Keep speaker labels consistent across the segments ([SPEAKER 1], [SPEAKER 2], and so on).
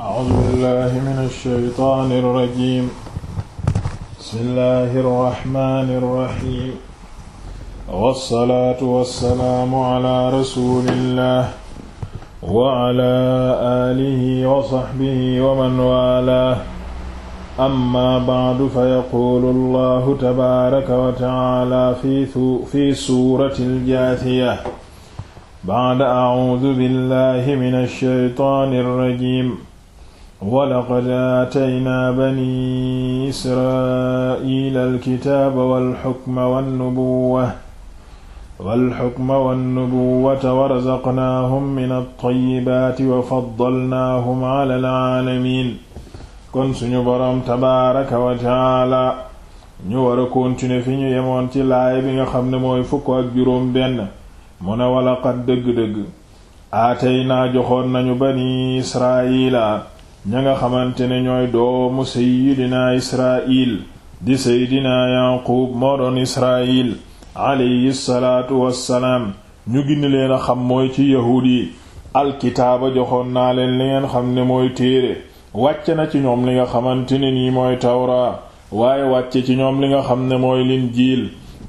[SPEAKER 1] أعوذ بالله من الشيطان الرجيم بسم الله الرحمن الرحيم والصلاة والسلام على رسول الله وعلى آله وصحبه ومن والاه أما بعد فيقول الله تبارك وتعالى في في سورة الجاثية بعد أعوذ بالله من الشيطان الرجيم walaqad aataynaa bani israa'iila alkitaaba walxukma wannubuwwa walxukma wannubuwwata warazaqnaahum min altayibaati wa faddalnaahum ala alaalamiin kon suñu boroom tabaaraka wa taala ñu war a continuer fi ñu yemoon ci laaya bi nga xam ne mooy fukk ak juróom benn mu ne walaqad dëgg-dëgg aataynaa joxoon nañu bani israa'iila ña nga xamante ne ñooy doomu seydina israil di seydina yaqub moo doon israil alayhi salaatu wassalaam ñu gën leen a xam mooy ci yahuud yi alkitaaba joxoon naa leen li ngeen xam ne mooy téere wàcce na ci ñoom li nga xamante ne nii mooy tawraa waaye wàcce ci ñoom li nga xam ne mooy linjiil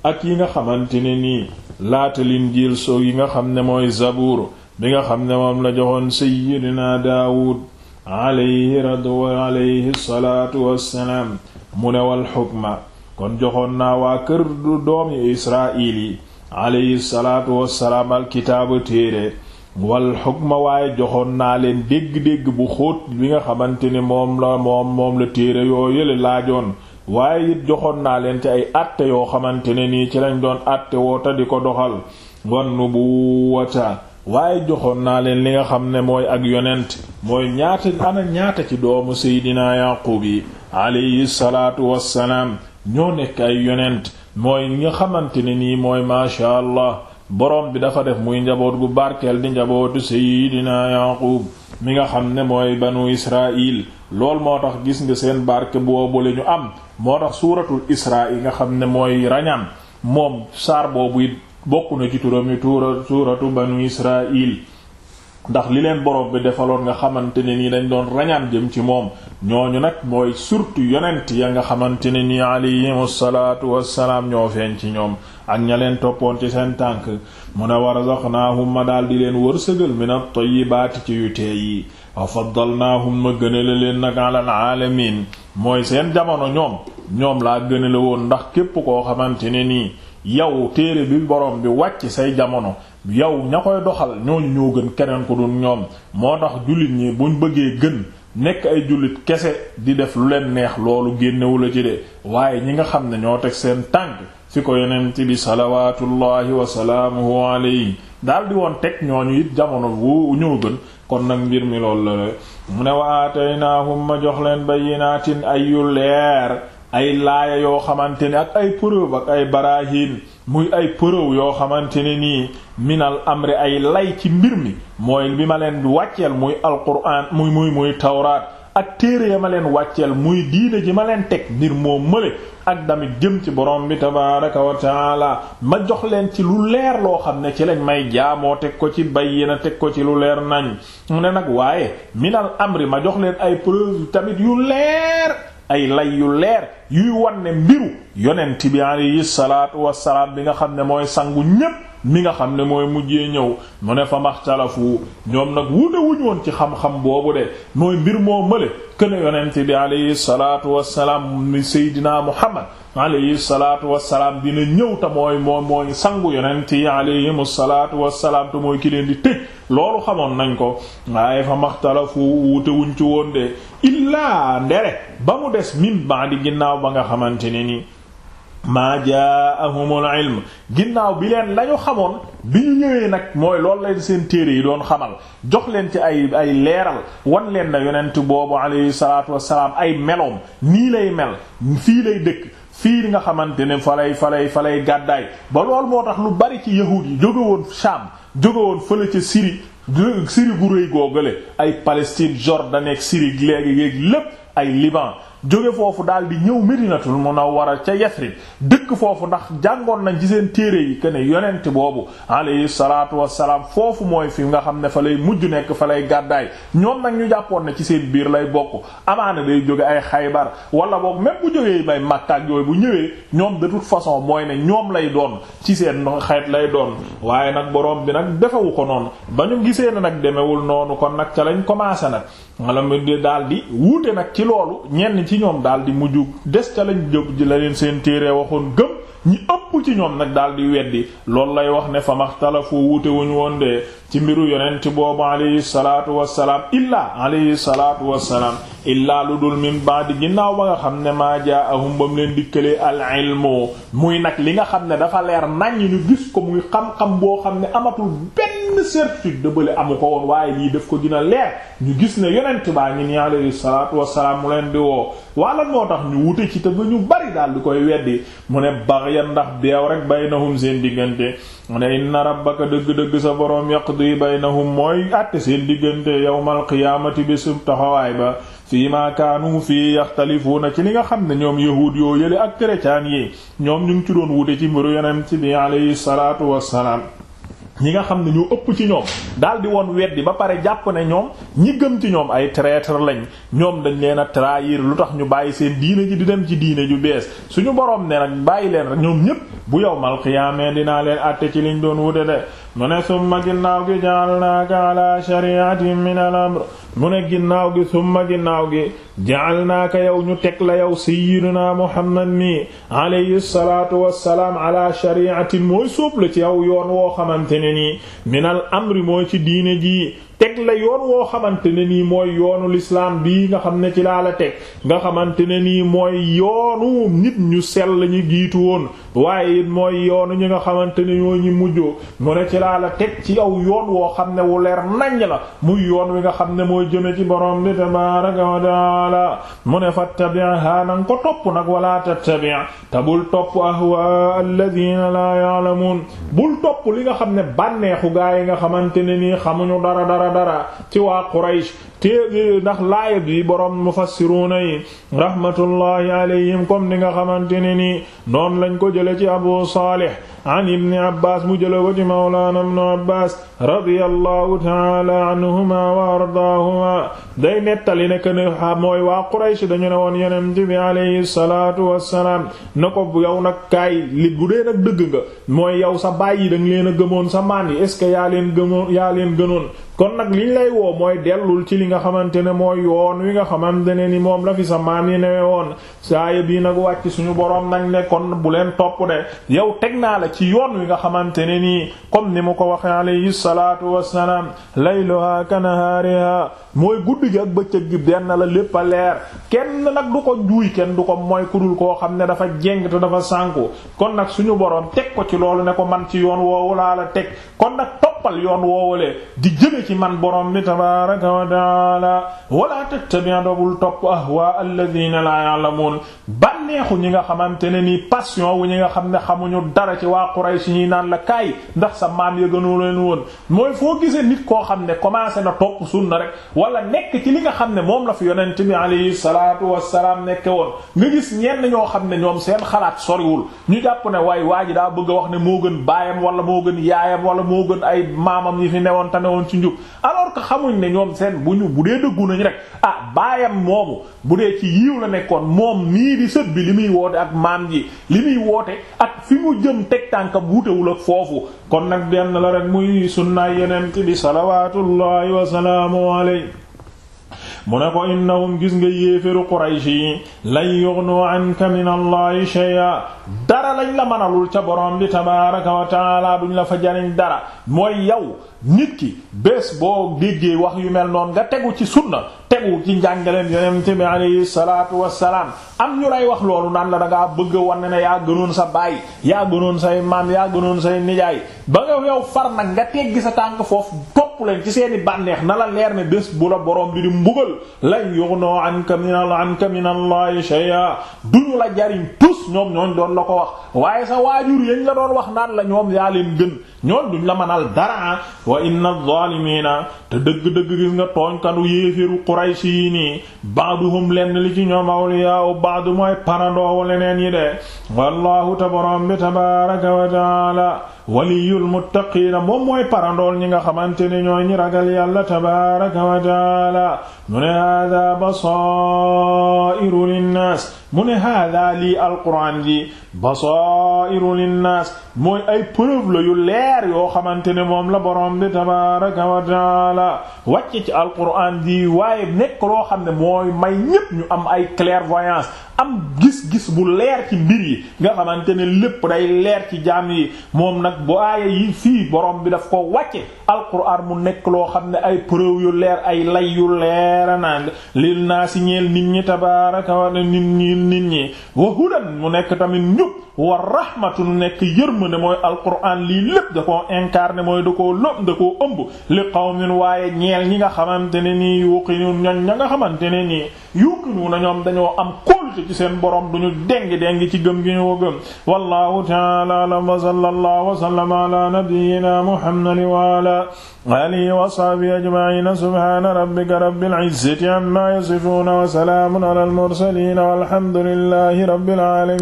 [SPEAKER 1] ak yi nga xamante ne nii laata linjiil so yi nga xam ne mooy zabuur bi nga xam ne moom la joxoon seydina daawud alayhi radu alayhi salaatu wassalaam mu ne wal xukma kon joxoon naa waa kër du doomi israil yi alayhi salaatu wassalaam alkitaaba téere wal xukma waaye joxoon naa leen dégg-dégg bu xóot bi nga xamante ni moom la moom moom la téere yoo yële laajoon waaye it joxoon naa leen ci ay àtte yoo xamante ne nii ci lañ doon àtte woota di ko doxal wan nubuwata waaye joxoon naa leen li nga xam ne mooy ak yonent mooy ñaati ana ñaata ci doomu seydinaa yaqub yi alayhi salaatu wassalaam ñoo nekk ay yonent mooy nga xamante ne nii mooy maasha allah borom bi dafa def muy njaboot gu barkeel di njabootu seydinaa yaqub mi nga xam ne mooy banu israil lool moo tax gis nga seen barke boobu la ñu am moo tax suuratul isra yi nga xam ne mooy rañam moom saar boobu it bokk na ci turami tuura suuratu banu israil ndax li leen borom bi defaloon nga xamante ne nii dañ doon rañaan jëm ci moom ñooñu nag mooy surtout yonent ya nga xamante ne nii alayhimu salaatu wassalaam ñoo feeñ ci ñoom ak ña leen toppoon ci seen tànk mu ne warzaqnaahum ma daal di leen wërsëgal min at-tayyibaati ci yu tee yi wa faddalnaahum ma gënale leen nag alal aalamiin mooy seen jamono ñoom ñoom laa gënale woon ndax képp koo xamante ne nii yow téere bi borom bi wàcc say jamono yow ña koy doxal ñooñu ñoo gën keneen ko dul ñoom moo tax jullit ñi buñ bëggee gën nekk ay jullit kese di def lu leen neex loolu génnewula ci de waaye ñi nga xam ne ñoo teg seen tànk fi ko yonent bi salawaatullahi wa salaamuhu alayhi daal di woon teg ñooñu it jamono bu ñoo gën kon nag mbir mi loolu la mu ne wa aataynahum ma jox leen bayyinaatin ayu leer ay laaya yoo xamante ne ak ay preuve ak ay barahin muy ay preuve yoo xamante ne nii minal amri ay lay ci mbir mi mooy bi ma leen wàcceel muy alquran muy muy muy tawraat ak téere ya ma leen wàcceel muy diine ji ma leen teg mbir moo mële ak damit jëm ci borom bi tabaraka wa taala ma jox leen ci lu leer loo xam ne ci lañ may jaamoo teg ko ci bay bayyina teg ko ci lu leer nañ mu ne nag waaye minal amri ma jox leen ay preuve tamit yu leer ay lay yu leer yuy wan ne mbiru yonent bi alayhi salaatu wassalaam bi nga xam ne mooy sangu ñépp mi nga xam ne mooy mujjee ñëw mu ne fa maxtalafu ñoom nag wuute wuñ woon ci xam-xam boobu de mooy mbir moo mële kën a yonent bi alayhi salaatu wassalaam mi seydinaa muhammad alayhi salaatu wassalaam dina ñëw te mooy moom mooy sangu yonent yi alayhimu salaatu wassalaam te mooy ki leen di loolu xamoon nañ ko waaye fa maxtalafu wuute wuñ ci woon de illaa ndere ba mu des min ba di ginnaaw ba nga xamante ne ni maa jaahumul ilm ginnaaw bi leen lañu xamoon bi ñu ñëwee nag mooy lool leen seen téere yi doon xamal jox leen ci ay ay leeral wan leen na yonent boobu alayhi salaatu wassalaam ay meloom nii lay mel fii lay dëkk fii nga xamante ne falay falay falay gàddaay ba lool moo tax lu bari ci yahuud yi jógewoon woon Sham jóge woon fële ca Syrie Syrie bu rëy googale ay Palestine Jordan ak Syrie léegi yéeg lépp ay Liban jóge foofu daal di ñëw war a ca Yasrib dëkk foofu ndax jàngoon nañ ci seen téere yi que ne yonent boobu alayhi salaatu wassalaam foofu mooy fi nga xam ne fa lay mujj nekk fa lay gàddaay ñoom nag ñu jàppoon na ci seen biir lay bokk amaana day jóge ay Xaybar wala boog même bu jógee bay Makka yooyu bu ñëwee ñoom de toute façon mooy ne ñoom lay doon ci seen xeet lay doon waaye nag boroom bi nag defewu ko noonu ba ñu gisee ne nag demewul noonu kon nag ca lañ commencé nag malam daal di wuute nag ci loolu ci ñoom daal di mujj des ca lañ jëb ji la leen seen téere waxoon gëm ñi ëpp ci ñoom nag daal di weddi loolu lay wax ne fa maxtalafu wuute wuñu woon ci mbiru yonent boobu alayhi salaatu wassalaam illaa alayhi salaatu wassalaam illaa lu dul min di ginnaaw ba nga xam ne maa jaa'ahum bam leen dikkalee al ilmu muy nag li nga xam ne dafa leer naññ ñu gis ko muy xam-xam boo xam ne amatul benn benn certitude de bële amu ko woon waaye lii def ko dina leer ñu gis ne yonent baa ngi nii alayhi salaatu mu leen di woo wala moo tax ñu wute ci te ba ñu bari daal di koy weddi mu ne baghyan ndax beew rek baynahum seen diggante mu ne inna rabbaka dëgg-dëgg sa boroom yaqdi baynahum mooy àtte seen diggante yawmal qiyaamati bésub taxawaay ba fii ma kaanu fii yaxtalifuuna ci li nga xam ne ñoom yahuud yoo yële ak chrétien yi ñoom ñu ci doon wute ci mbiru yonent bi alayhi salaatu wasalaam ñi nga xam ne ñoo ëpp ci ñoom daal di woon weddi ba pare jàpp ne ñoom ñi gëm ci ñoom ay traître lañ ñoom dañ leen a trahir lu tax ñu bàyyi seen diine ji di dem ci diine ju bees suñu boroom ne nag bàyyi leen rek ñoom ñépp bu yow mal xiyaamee dinaa leen àtte ci liñ doon wute de mu ne summa ginnaaw gi ja'alnaaka ala shari'atin min al-amr ginnaaw gi summa ginnaaw gi ja'alnaaka yow ñu teg la yow sayyidina Muhammad mi alayhi salaatu wassalaam ala shari'atin mooy sóob la ci yow yoon woo xamante ne nii min al mooy ci diine ji la yoon woo xamante ne nii mooy yoonu lislaam bii nga xam ne ci laa la teg nga xamante ne nii mooy yoonu nit ñu sel ñu jiitu woon waaye it mooy yoonu ñi nga xamante ne ñoo ñu mujjoo mu ne ci laa la teg ci aw yoon woo xam ne wu leer naññ la muy yoon wi nga xam ne mooy jëme ci borom bi tabaaraka wa taala mu ne fattabi'ha nanga ko topp nag wala tattabi' te bul topp ahwa alladhina la ya'lamun bul topp li nga xam ne bànneexu gaa yi nga xamante nasara ci waa Quraysh téeg ndax laaya bi borom mufassiruna yi rahmatullahi alayhim comme ni nga xamante ne nii noonu lañ ko jële ci abu salih an ibni abbas mu jële ko ci mawlaana ibnu abbas radiyallahu taala anhuma wa ardaahuma day nettali ne que ne mooy waa Quraysh dañu ne woon yonent bi alayhi salaatu wassalaam na ko yow nag kaay li bu dee nag dëgg nga mooy yow sa baay yi da nga leen a gëmoon sa maan yi est ce que yaa leen gëmoon yaa leen gënoon kon nag liñ lay woo mooy dellul ci li nga xamante ne mooy yoon wi nga xamante ne ni moom la fi sa maam yi newee woon saaya bii nag wàcc suñu boroom nag ne kon bu leen topp de yow teg naa la ci yoon wi nga xamante ne nii comme ni mu ko waxee alayhi salaatu wassalaam layluha kanahaariha mooy guddi gi ak bëccëg gi benn la lépp a leer kenn nag du ko njuuy kenn du ko mooy kudul koo xam ne dafa jeng te dafa sànku kon nag suñu boroom teg ko ci loolu ne ko man ci yoon woowu laa la teg kon nag toppal yoon woowalee di jëme ci man borom bi tabaraka wa taala wala tattabi' dobul topp ahwa alladhina la ya'lamun bànneexu ñi nga xamante ne nii passion wu ñi nga xam ne xamuñu dara ci waa Quraysh ñi naan la kaay ndax sa maam ya gënu leen woon mooy foo gisee nit koo xam ne commencé na topp sunna rek wala nekk ci li nga xam ne moom la fi yonent bi alayhi salaatu wassalaam nekke woon nga gis ñenn ñoo xam ne ñoom seen xalaat soriwul ñu jàpp ne waaye waa ji daa bëgg a wax ne moo gën baayam wala moo gën yaayam wala moo gën ay maamam yi fi newoon te newoon ci njub alors que xamuñ ne ñoom seen bu ñu bu dee dëggu nañ rek ah baayam moomu bu dee ci yiw la nekkoon moom nii di sët bi li muy woote ak maam ji li muy woote ak fi mu jëm teg tànkam wutewul ak foofu kon nag benn la rek muy sunnaay yeneen bi salawaatullahi wa salaamu alayhi mu ne ko innahum gis nga yéeféru Quraysh yi lan yughnu anka min allahi shay'a dara lañ la mënalul ca borom bi tabaraka wa taala duñ la fa jariñ dara mooy yow nit ki bés boo déggee wax yu mel noon nga tegu ci sunna tegu ci njàngaleen yonent bi alayhi salaatu wassalaam am ñu lay wax loolu naan la da ngaa bëgg a wane ne yaa gënoon sa baay yaa gënoon say maam yaa gënoon say nijaay ba nga yow far nag nga teggi sa tànk foofu topp leen ci seeni bànneex na la leer ne bés bu la borom bi di mbugal lan yughnoo anka minal anka minallahi shay'a duñu la jariñ tus ñoom ñooñ doon la ko wax waaye sa waajur yañ la doon wax naan la ñoom yaa leen gën ñoon duñ la mënal ah. wa inna adh-dhalimina te dëgg-dëgg gis nga tooñkanu yéeféru Quraysh yi nii baaduhum lenn li ci ñoom awliyaaw baadu mooy parandoowu leneen yi de wallahu tabaram bi tabaraka wa taala waliyul muttaqiina moom mooy parandool ñi nga xamante ne ñooy ñi ragal yàlla tabaaraka wa taala mu ne hada basairu linnaas mu ne hada lii alquraan ji basairu linnaas mooy ay preuve yu leer yoo xamante ne moom la borom bi tabaaraka wa taala wàcc ci alquraan ji waaye nekk loo xam ne mooy may ñépp ñu am ay clairvoyance am gis-gis bu leer ci mbir yi nga xamante ne lépp day leer ci jaam yi moom nag bu aaya yi fii borom bi daf ko wàcce alquran mu nekk loo xam ne ay preuve yu leer ay lay yu leera naan lil naa si ñeel nit ñi tabaraka wa nit ñi nit ñi wa mu nekk tamit ñub wa rahmatu nekk yërmande mooy alquran lii lépp da koo incarné mooy da koo lëm da koo ëmb li qawmin waaye ñeel ñi nga xamante ne nii yuqinun ñoñ ña nga xamante ne nii yuqinuna ñoom dañoo am kóolute ci seen borom duñu dengi dengi ci gëm gi ñoo gëm wallahu ta'ala a'lam wa sallallahu wa sallama ala nabiyyina muhammad wa ala alihi wa sahbihi ajma'in subhana rabbika rabbil izzati amma yasifun wa salamun ala al mursalin walhamdulillahi rabbil alamin